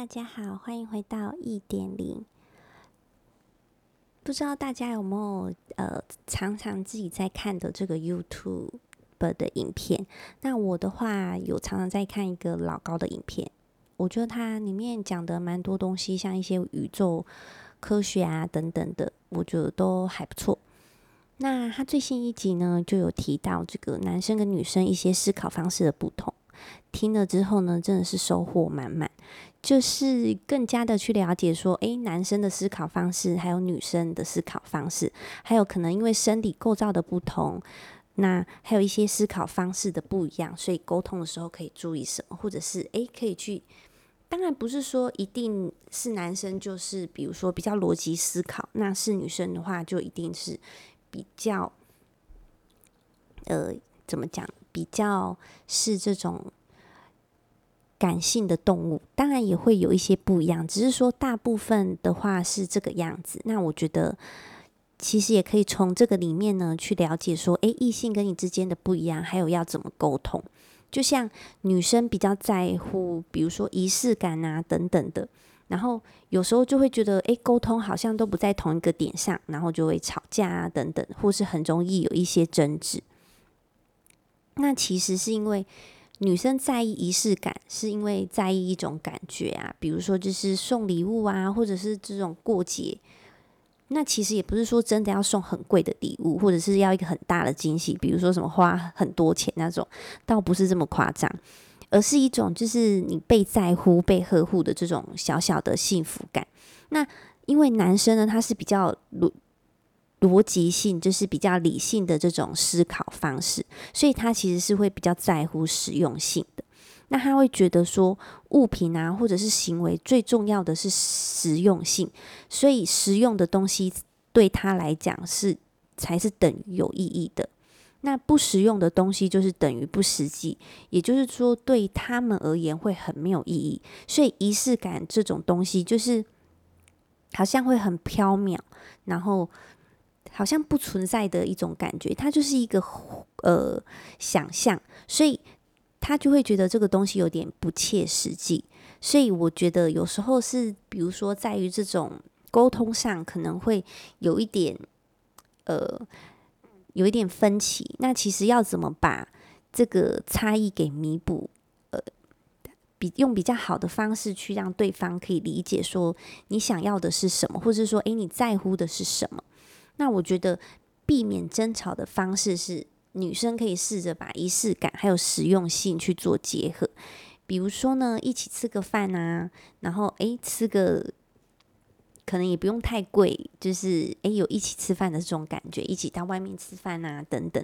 大家好，歡迎回到一點零。不知道大家有沒有呃常常自己在看的這個 YouTube 的影片？那我的話有常常在看一個老高的影片，我覺得它裡面講的蠻多東西，像一些宇宙科學啊等等的，我覺得都還不錯。那他最新一集呢，就有提到這個男生跟女生一些思考方式的不同。聽了之後呢，真的是收穫滿滿，就是更加的去了解說，哎，男生的思考方式，還有女生的思考方式，還有可能因為生理構造的不同，那還有一些思考方式的不一樣，所以溝通的時候可以注意什麼，或者是哎，可以去，當然不是說一定是男生就是，比如說比較邏輯思考，那是女生的話就一定是比較，呃，怎麼講？比較是這種感性的動物，當然也會有一些不一樣，只是說大部分的話是這個樣子。那我覺得其實也可以從這個裡面呢去了解說，哎，異性跟你之間的不一樣，還有要怎麼溝通。就像女生比較在乎，比如說儀式感啊等等的，然後有時候就會覺得哎，溝通好像都不在同一個點上，然後就會吵架啊等等，或是很容易有一些爭執。那其實是因為女生在意儀式感，是因為在意一種感覺啊，比如說就是送禮物啊，或者是這種過節。那其實也不是說真的要送很貴的禮物，或者是要一個很大的驚喜，比如說什麼花很多錢那種，倒不是這麼誇張，而是一種就是你被在乎，被呵護的這種小小的幸福感。那因為男生呢，他是比較邏輯性就是比較理性的這種思考方式，所以他其實是會比較在乎實用性的。那他會覺得說物品啊，或者是行為，最重要的是實用性。所以實用的東西對他來講是才是等於有意義的。那不實用的東西就是等於不實際，也就是說對他們而言會很沒有意義。所以儀式感這種東西，就是好像會很飄渺，然後好像不存在的一種感覺，他就是一個呃想象所以他就會覺得這個東西有點不切實際。所以我覺得有時候是，比如說在於這種溝通上，可能會有一點呃有一點分歧。那其實要怎麼把這個差異給彌補？呃，比用比較好的方式去讓對方可以理解，說你想要的是什麼，或是說哎你在乎的是什麼？那我覺得避免爭吵的方式是，女生可以試着把儀式感還有實用性去做結合，比如說呢，一起吃個飯啊，然後誒，吃個，可能也不用太貴，就是誒，有一起吃飯的這種感覺，一起到外面吃飯啊等等。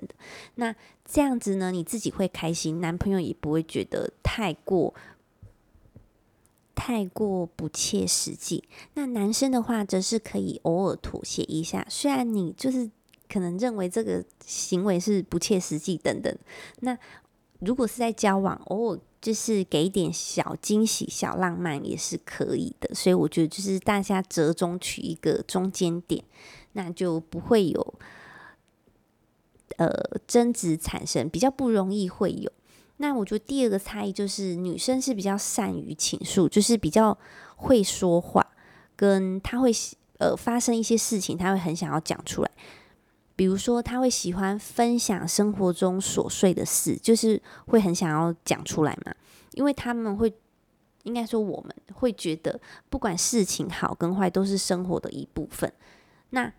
那這樣子呢，你自己會開心，男朋友也不會覺得太過。太過不切實際。那男生的話，則是可以偶爾妥協一下，雖然你就是可能認為這個行為是不切實際等等。那如果是在交往，偶爾就是給點小驚喜、小浪漫也是可以的。所以我覺得就是大家折中取一個中間點，那就不會有呃爭執產生，比較不容易會有。那我覺得第二個差異就是，女生是比較善於傾訴，就是比較會說話，跟她會呃發生一些事情，她會很想要講出來。比如說，她會喜歡分享生活中瑣碎的事，就是會很想要講出來嘛，因為她們會，應該說我們會覺得，不管事情好跟壞，都是生活的一部分，那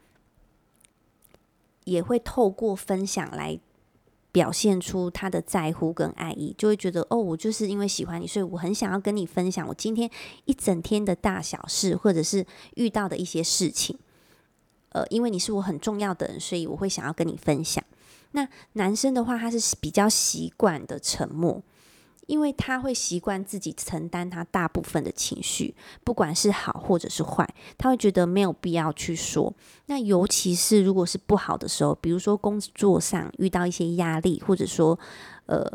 也會透過分享來。表現出他的在乎跟愛意，就會覺得哦，我就是因為喜歡你，所以我很想要跟你分享我今天一整天的大小事，或者是遇到的一些事情。呃，因為你是我很重要的人，所以我會想要跟你分享。那男生的話，他是比較習慣的沉默。因為他會習慣自己承擔他大部分的情緒，不管是好或者是壞，他會覺得沒有必要去說。那尤其是如果是不好的時候，比如說工作上遇到一些壓力，或者說呃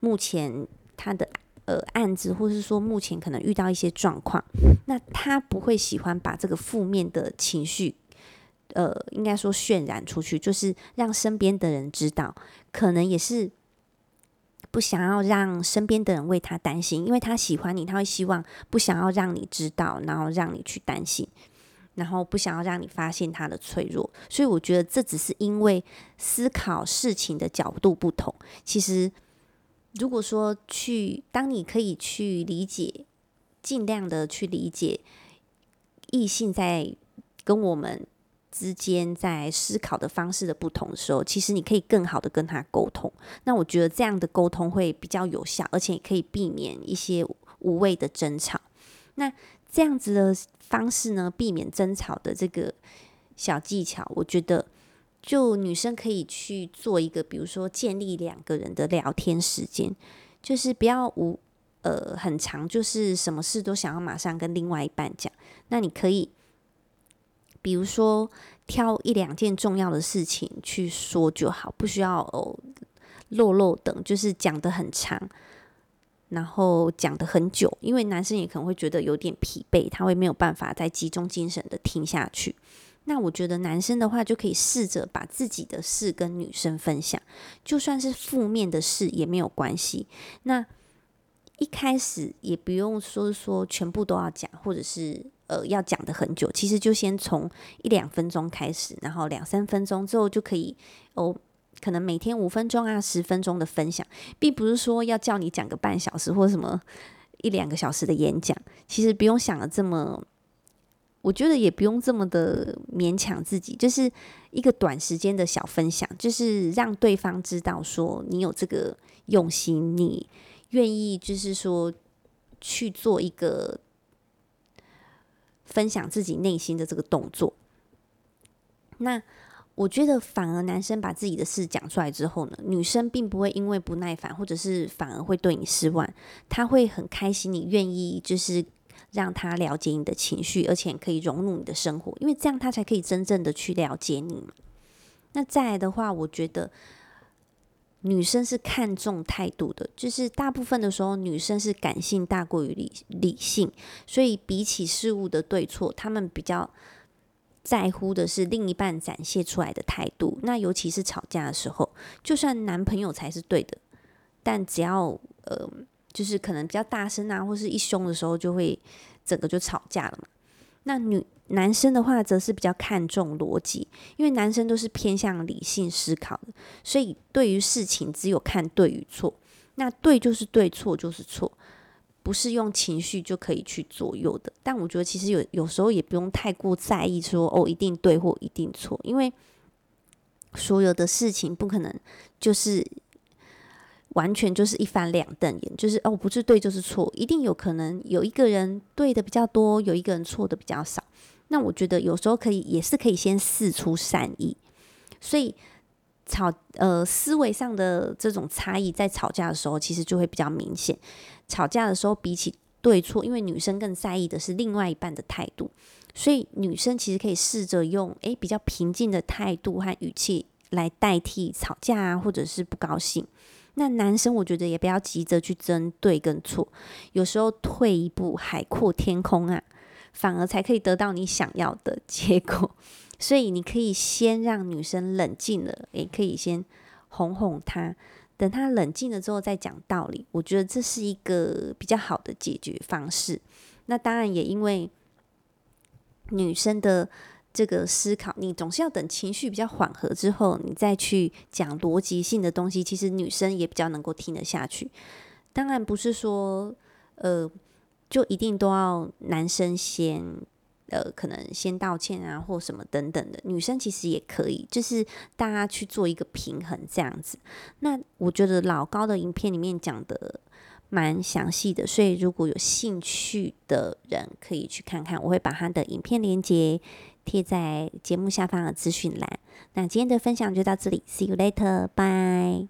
目前他的呃案子，或是說目前可能遇到一些狀況，那他不會喜歡把這個負面的情緒，呃，應該說渲染出去，就是讓身邊的人知道，可能也是。不想要讓身邊的人為他擔心，因為他喜歡你，他會希望不想要讓你知道，然後讓你去擔心，然後不想要讓你發現他的脆弱。所以我覺得這只是因為思考事情的角度不同。其實，如果說去，當你可以去理解，盡量的去理解異性在跟我們。之間在思考的方式的不同的時候，其實你可以更好的跟他溝通。那我覺得這樣的溝通會比較有效，而且也可以避免一些無謂的爭吵。那這樣子的方式呢，避免爭吵的這個小技巧，我覺得就女生可以去做一個，比如說建立兩個人的聊天時間，就是不要無呃很長，就是什麼事都想要馬上跟另外一半講。那你可以。比如說，挑一兩件重要的事情去說就好，不需要哦、漏漏等，就是講得很長，然後講得很久，因為男生也可能會覺得有點疲憊，他會沒有辦法再集中精神的聽下去。那我覺得男生的話，就可以試着把自己的事跟女生分享，就算是負面的事也沒有關係。那一開始也不用說說全部都要講，或者是呃要講得很久。其實就先從一兩分鐘開始，然後兩三分鐘之後就可以哦，可能每天五分鐘啊、十分鐘的分享，並不是說要叫你講個半小時或什麼一兩個小時的演講。其實不用想得這麼，我覺得也不用這麼的勉強自己，就是一個短時間的小分享，就是讓對方知道說你有這個用心，你。願意就是說去做一個分享自己內心的這個動作，那我覺得反而男生把自己的事講出來之後呢，女生並不會因為不耐煩，或者是反而會對你失望，她會很開心你願意就是讓她了解你的情緒，而且可以融入你的生活，因為這樣她才可以真正的去了解你。那再來的話，我覺得。女生是看重態度的，就是大部分的時候，女生是感性大過於理理性，所以比起事物的對錯，她們比較在乎的是另一半展現出來的態度。那尤其是吵架的時候，就算男朋友才是對的，但只要呃，就是可能比較大聲啊，或是一凶的時候，就會整個就吵架了嘛。那女男生的話，則是比較看重邏輯，因為男生都是偏向理性思考的，所以對於事情只有看對與錯。那對就是對，錯就是錯，不是用情緒就可以去左右的。但我覺得其實有有時候也不用太過在意說哦一定對或一定錯，因為所有的事情不可能就是。完全就是一翻兩瞪眼，就是哦，不是對就是錯，一定有可能有一個人對的比較多，有一個人錯的比較少。那我覺得有時候可以也是可以先釋出善意，所以吵呃思維上的這種差異在吵架的時候其實就會比較明顯。吵架的時候比起對錯，因為女生更在意的是另外一半的態度，所以女生其實可以試着用誒比較平靜的態度和語氣來代替吵架啊，或者是不高興。那男生我覺得也不要急着去爭對跟錯，有時候退一步海闊天空啊,反而才可以得到你想要的結果。所以你可以先讓女生冷靜了,也可以先哄哄她,等她冷靜了之後再講道理。我覺得這是一個比較好的解決方式。那當然也因為女生的。這個思考，你總是要等情緒比較緩和之後，你再去講邏輯性的東西。其實女生也比較能夠聽得下去。當然不是說，呃，就一定都要男生先，呃，可能先道歉啊或什麼等等的。女生其實也可以，就是大家去做一個平衡這樣子。那我覺得老高的影片裡面講得蠻詳細的，所以如果有興趣的人可以去看看。我會把他的影片連接，貼在節目下方的資訊欄。那今天的分享就到這裡，See you later，bye。